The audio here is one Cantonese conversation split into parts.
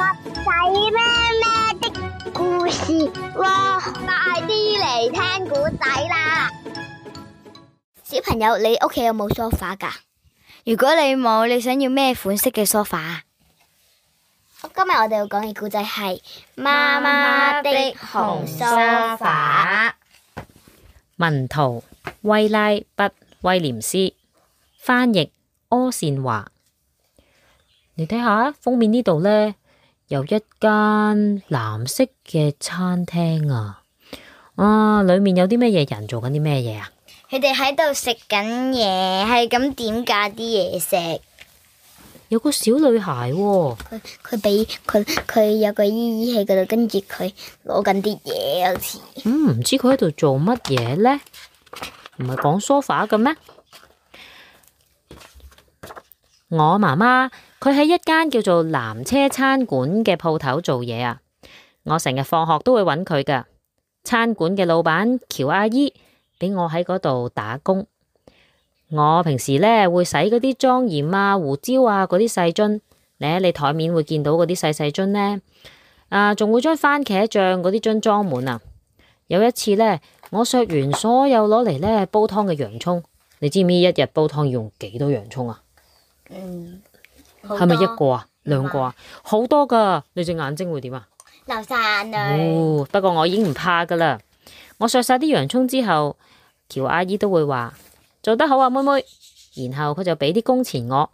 仔咩咩的故事喎，快啲嚟聽古仔啦！小朋友，你屋企有冇梳化噶？如果你冇，你想要咩款式嘅梳化啊？今日我哋要講嘅故仔係媽媽的紅梳化。文圖：威拉畢威廉斯，翻譯：柯倩華。你睇下封面呢度呢。有一間藍色嘅餐廳啊！啊，裏面有啲咩嘢人做緊啲咩嘢啊？佢哋喺度食緊嘢，係咁點架啲嘢食。有個小女孩喎、啊，佢俾佢佢有個姨姨喺嗰度，跟住佢攞緊啲嘢，好似。嗯，唔知佢喺度做乜嘢呢？唔係講梳化嘅咩？我媽媽。佢喺一間叫做藍車餐館嘅鋪頭做嘢啊！我成日放學都會揾佢噶。餐館嘅老闆喬阿姨俾我喺嗰度打工。我平時咧會洗嗰啲裝鹽啊、胡椒啊嗰啲細樽，你喺你台面會見到嗰啲細細樽咧。啊，仲會將番茄醬嗰啲樽裝滿啊！有一次咧，我削完所有攞嚟咧煲湯嘅洋蔥，你知唔知一日煲湯要用幾多洋蔥啊？嗯。係咪一個啊？兩個啊？怕好多噶！你隻眼睛會點啊？流晒眼淚。哦，不過我已經唔怕噶啦。我削晒啲洋葱之後，喬阿姨都會話做得好啊，妹妹。然後佢就俾啲工錢我，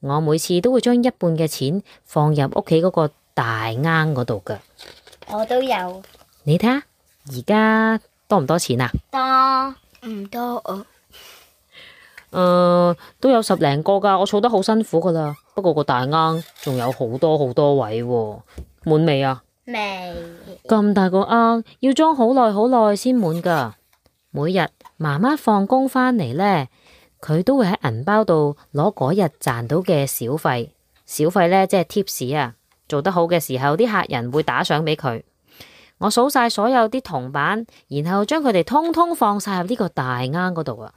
我每次都會將一半嘅錢放入屋企嗰個大罌嗰度噶。我都有。你睇下，而家多唔多錢啊？多唔多？誒、嗯，都有十零個噶，我儲得好辛苦噶啦。不過個大罌仲有好多好多位喎，滿未啊？未美。咁大個罌要裝好耐好耐先滿噶。每日媽媽放工返嚟呢，佢都會喺銀包度攞嗰日賺到嘅小費，小費呢，即係貼士啊。做得好嘅時候，啲客人會打賞俾佢。我數晒所有啲銅板，然後將佢哋通通放晒入呢個大罌嗰度啊。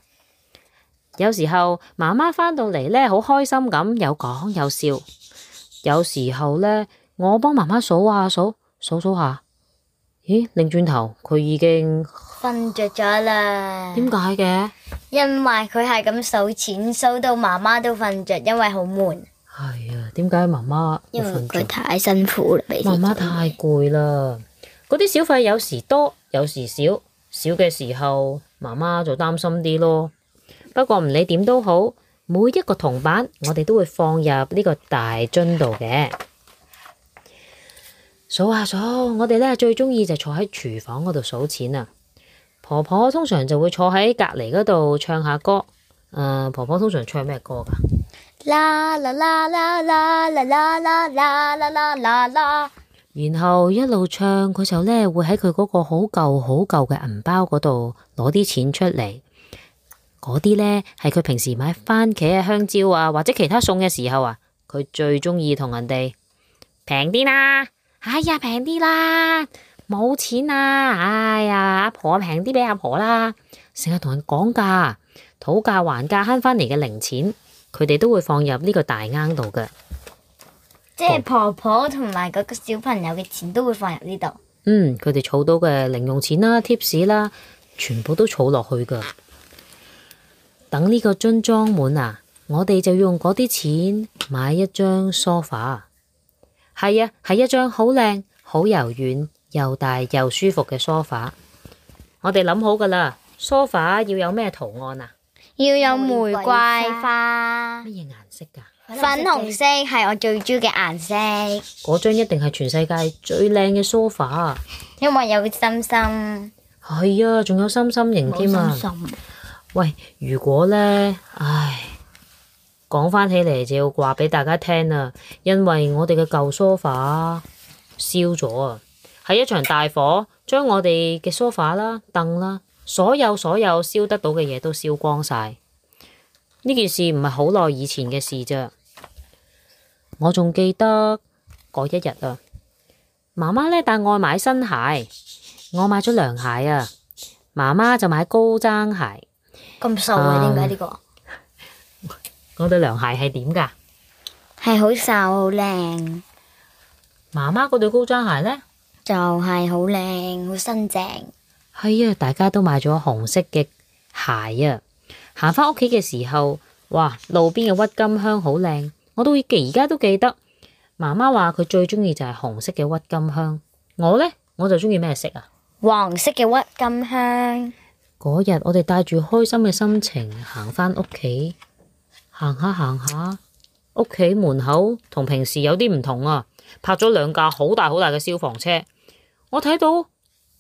有時候媽媽返到嚟呢，好開心咁有講有笑。有時候呢，我幫媽媽數下數數數下，咦，擰轉頭佢已經瞓着咗啦。點解嘅？因為佢係咁數錢，數到媽媽都瞓着，因為好悶。係啊，點解媽媽？因為佢太辛苦啦，媽媽太攰啦。嗰啲小費有時多，有時少，少嘅時候媽媽就擔心啲咯。不過唔理點都好，每一個銅板我哋都會放入呢個大樽度嘅。數下數，我哋咧最中意就坐喺廚房嗰度數錢啊！婆婆通常就會坐喺隔籬嗰度唱下歌。誒、呃，婆婆通常唱咩歌噶？啦啦啦啦啦啦啦啦啦啦啦啦，啦啦啦啦啦啦。然後一路唱佢就候咧，會喺佢嗰個好舊好舊嘅銀包嗰度攞啲錢出嚟。嗰啲呢，係佢平時買番茄啊、香蕉啊或者其他餸嘅時候啊，佢最中意同人哋平啲啦，哎呀平啲啦，冇錢啊，哎呀阿婆平啲俾阿婆啦，成日同人講價討價還價慳翻嚟嘅零錢，佢哋都會放入呢個大罌度嘅，即係婆婆同埋嗰個小朋友嘅錢都會放入呢度。嗯，佢哋儲到嘅零用錢啦、貼士啦，全部都儲落去噶。等呢個樽裝滿啊，我哋就用嗰啲錢買一張梳化。係啊，係一張好靚、好柔軟、又大又舒服嘅梳化。我哋諗好㗎喇，梳化要有咩圖案啊？要有玫瑰花。乜嘢顏色㗎？粉紅色係我最鍾嘅顏色。嗰張一定係全世界最靚嘅梳化，因為有心心。係啊，仲有心心型添啊。喂，如果呢，唉，講返起嚟，就要話畀大家聽啦，因為我哋嘅舊梳化燒咗啊，係一場大火將我哋嘅梳化啦、凳啦，所有所有燒得到嘅嘢都燒光晒。呢件事唔係好耐以前嘅事啫，我仲記得嗰一日啊，媽媽呢，帶我買新鞋，我買咗涼鞋啊，媽媽就買高踭鞋。咁瘦啊？點解呢個？我對涼鞋係點噶？係好瘦好靚。媽媽嗰對高踭鞋呢？就係好靚，好新正新淨。係啊，大家都買咗紅色嘅鞋啊！行返屋企嘅時候，哇，路邊嘅鬱金香好靚，我到而家都記得。媽媽話佢最中意就係紅色嘅鬱金香。我呢，我就中意咩色啊？黃色嘅鬱金香。嗰日我哋帶住開心嘅心情行返屋企，行下行下，屋企門口同平時有啲唔同啊！泊咗兩架好大好大嘅消防車，我睇到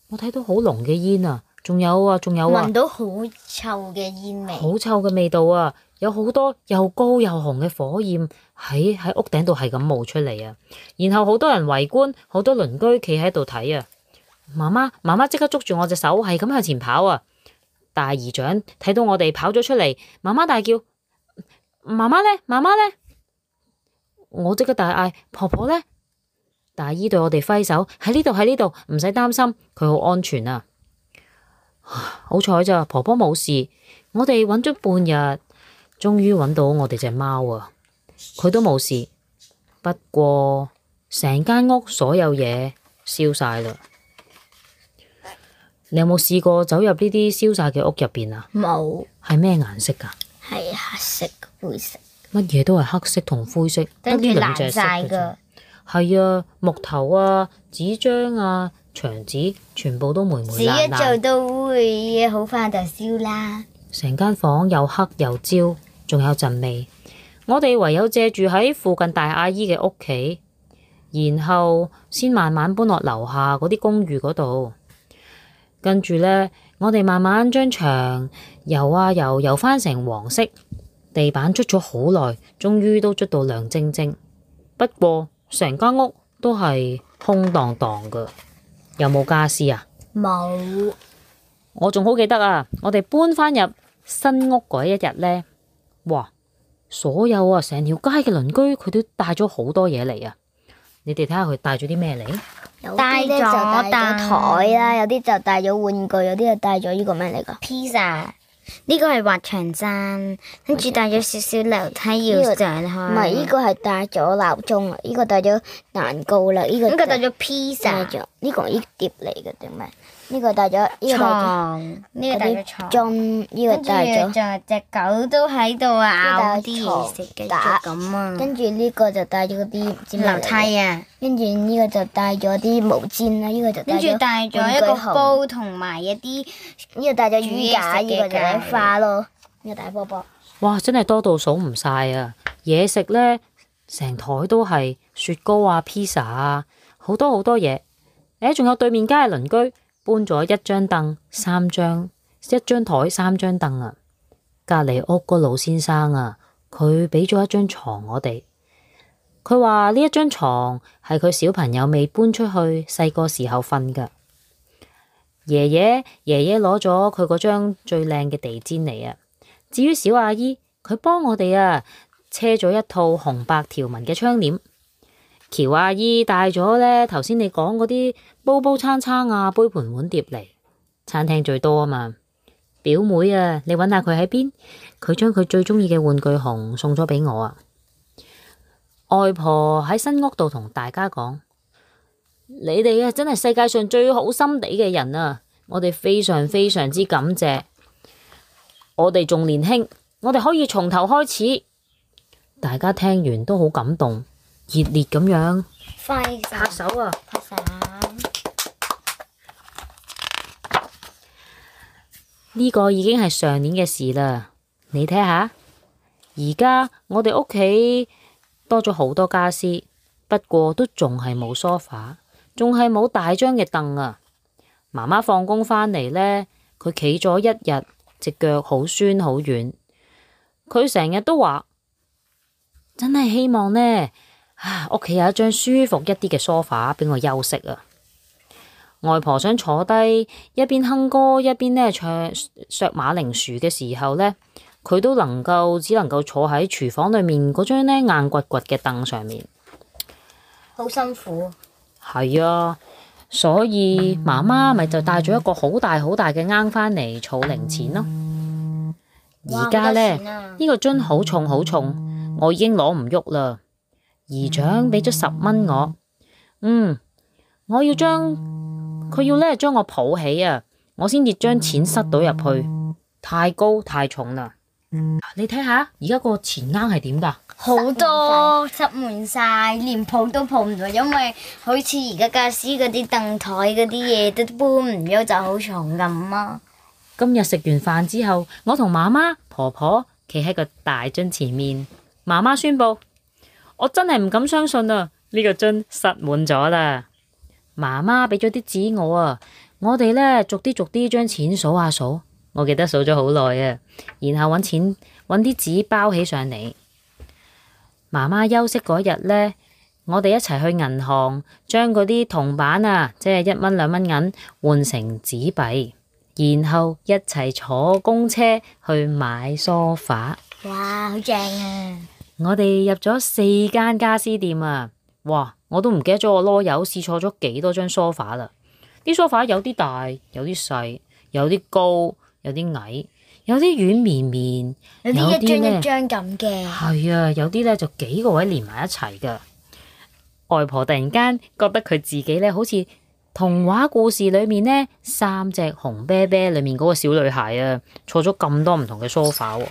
我睇到好濃嘅煙啊！仲有啊，仲有啊！聞到好臭嘅煙味，好臭嘅味道啊！有好多又高又紅嘅火焰喺喺、哎、屋頂度係咁冒出嚟啊！然後好多人圍觀，好多鄰居企喺度睇啊！媽媽，媽媽即刻捉住我隻手，係咁向前跑啊！大姨丈睇到我哋跑咗出嚟，媽媽大叫：「媽媽呢？媽媽呢？」我即刻大嗌：婆婆呢？大姨對我哋揮手，喺呢度，喺呢度，唔使擔心，佢好安全啊！好彩咋，婆婆冇事。我哋揾咗半日，終於揾到我哋隻貓啊！佢都冇事，不過成間屋所有嘢燒晒啦。你有冇試過走入呢啲燒晒嘅屋入邊啊？冇。係咩顏色噶係黑色、灰色。乜嘢都係黑色同灰色，跟住爛晒噶係啊，木頭啊、紙張啊、牆紙，全部都霉霉爛爛。紙一做都會好快就燒啦。成間房又黑又焦，仲有陣味。我哋唯有借住喺附近大阿姨嘅屋企，然後先慢慢搬落樓下嗰啲公寓嗰度。跟住呢，我哋慢慢將牆油啊油，油返成黃色。地板捽咗好耐，終於都捽到亮晶晶。不過成間屋都係空蕩蕩嘅，有冇家私啊？冇有。我仲好記得啊，我哋搬返入新屋嗰一日呢，哇！所有啊，成條街嘅鄰居佢都帶咗好多嘢嚟啊！你哋睇下佢帶咗啲咩嚟？帶咗台啦，有啲就帶咗玩具，有啲就帶咗呢個咩嚟噶披 i 呢個係滑牆針，跟住帶咗少少鬧。呢要上係唔係呢個係帶咗鬧鐘啊？呢、這個帶咗、這個、蛋糕啦？呢、這個帶咗披 i z z 呢個、這個、碟嚟噶定咩？呢個帶咗呢牀，呢個帶咗牀樽，呢個帶咗仲係隻狗都喺度啊。啲嘢食嘅，打咁啊！跟住呢個就帶咗嗰啲樓梯啊，跟住呢個就帶咗啲毛氈啦，呢、這個就跟住帶咗一個煲同埋一啲呢個帶咗雨傘嘅花咯，呢、嗯、個大波波哇！真係多到數唔晒啊！嘢食咧成台都係雪糕啊、pizza 啊，好多好多嘢。誒、欸，仲有對面街嘅鄰居。搬咗一張凳，三張，一張台，三張凳啊！隔籬屋個老先生啊，佢畀咗一張床我哋。佢話呢一張床係佢小朋友未搬出去，細個時候瞓噶。爺爺爺爺攞咗佢嗰張最靚嘅地毯嚟啊！至於小阿姨，佢幫我哋啊，車咗一套紅白條紋嘅窗簾。喬阿姨帶咗呢頭先你講嗰啲煲煲餐餐啊，杯盤碗碟嚟餐廳最多啊嘛。表妹啊，你揾下佢喺邊？佢將佢最鍾意嘅玩具熊送咗畀我啊。外婆喺新屋度同大家講： 你哋啊，真係世界上最好心地嘅人啊！我哋非常非常之感謝。我哋仲年輕，我哋可以從頭開始。大家聽完都好感動。熱烈咁樣拍手啊！呢個已經係上年嘅事啦，你睇下。而家我哋屋企多咗好多家私，不過都仲係冇梳化，仲係冇大張嘅凳啊。媽媽放工返嚟呢，佢企咗一日，隻腳好酸好軟。佢成日都話，真係希望呢。屋企有一張舒服一啲嘅梳化俾我休息啊！外婆想坐低一邊哼歌一邊呢唱削馬鈴薯嘅時候呢，佢都能夠只能夠坐喺廚房裏面嗰張呢硬掘掘嘅凳上面，好辛苦。係啊，所以媽媽咪就帶咗一個好大好大嘅罌返嚟儲零錢咯。而家、嗯、呢，呢、啊、個樽好重好重，我已經攞唔喐啦。姨丈俾咗十蚊我，嗯，我要將佢要咧，將我抱起啊，我先至將錢塞到入去，太高太重啦。你睇下，而家個錢罌係點噶？好多塞滿晒，連抱都抱唔到，因為好似而家家私嗰啲凳台嗰啲嘢都搬唔喐就好重咁啊！今日食完飯之後，我同媽媽、婆婆企喺個大樽前面，媽媽宣布。我真係唔敢相信啊！呢個樽塞滿咗啦。媽媽俾咗啲紙我啊，我哋呢，逐啲逐啲將錢數下數。我記得數咗好耐啊，然後揾錢揾啲紙包起上嚟。媽媽休息嗰日呢，我哋一齊去銀行將嗰啲銅板啊，即係一蚊兩蚊銀換成紙幣，然後一齊坐公車去買梳化。哇，好正啊！我哋入咗四間家私店啊！哇，我都唔記得咗個囉柚試坐咗幾多張梳化啦！啲梳化有啲大，有啲細，有啲高，有啲矮，有啲軟綿綿，有啲一張一張咁嘅。係啊，有啲咧就幾個位連埋一齊噶。外婆突然間覺得佢自己咧，好似童話故事裏面呢三隻熊啤啤裏面嗰個小女孩啊，坐咗咁多唔同嘅梳化喎。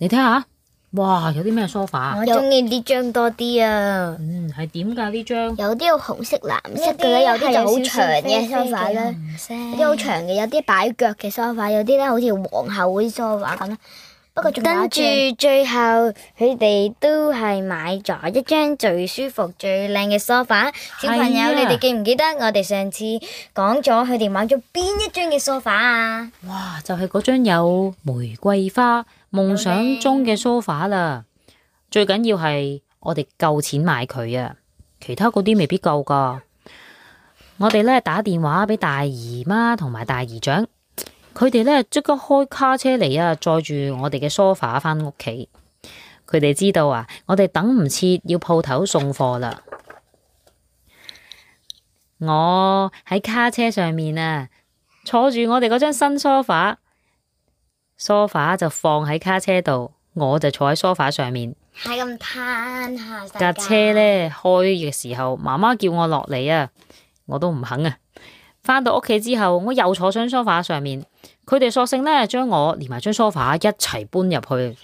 你睇下，哇，有啲咩梳化？我中意呢張多啲啊。嗯，係點噶呢張？有啲紅色、藍色嘅咧，有啲就好長嘅梳化。咧，啲好長嘅，有啲擺腳嘅梳化，有啲咧好似皇后嗰啲梳化咁啦，嗯嗯跟住最後，佢哋都係買咗一張最舒服、最靚嘅梳化。小朋友，啊、你哋記唔記得我哋上次講咗佢哋買咗邊一張嘅梳化啊？哇！就係嗰張有玫瑰花夢想中嘅梳化啦。好美。最緊要係我哋夠錢買佢啊，其他嗰啲未必夠噶。我哋咧打電話俾大姨媽同埋大姨丈。佢哋咧即刻開卡車嚟啊，載住我哋嘅梳化返屋企。佢哋知道啊，我哋等唔切要鋪頭送貨啦。我喺卡車上面啊，坐住我哋嗰張新梳化。梳化就放喺卡車度，我就坐喺梳化上面。係咁攤架車咧，開嘅時候媽媽叫我落嚟啊，我都唔肯啊。翻到屋企之後，我又坐上梳化上面，佢哋索性咧將我連埋張梳化一齊搬入去。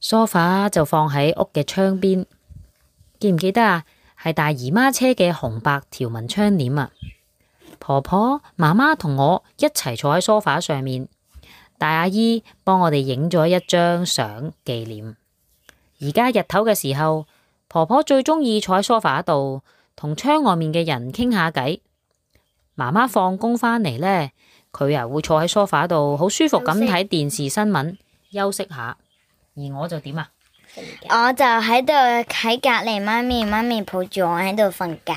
梳化就放喺屋嘅窗邊，記唔記得啊？係大姨媽車嘅紅白條紋窗簾啊！婆婆、媽媽同我一齊坐喺梳化上面，大阿姨幫我哋影咗一張相紀念。而家日頭嘅時候，婆婆最中意坐喺梳化度。同窗外面嘅人傾下偈，媽媽放工返嚟呢，佢又會坐喺梳化度，好舒服咁睇電視新聞，休息，休息下。而我就點啊？我就喺度喺隔籬，媽咪媽咪抱住我喺度瞓覺。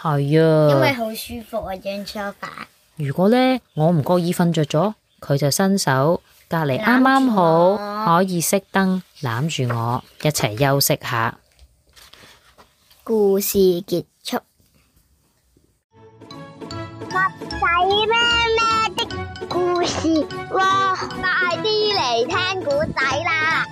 係啊，因為好舒服啊張梳化！如果呢，我唔覺意瞓着咗，佢就伸手隔籬啱啱好可以熄燈攬住我一齊休息下。故事結束。襪仔咩咩的故事，哇！快啲嚟聽故事啦！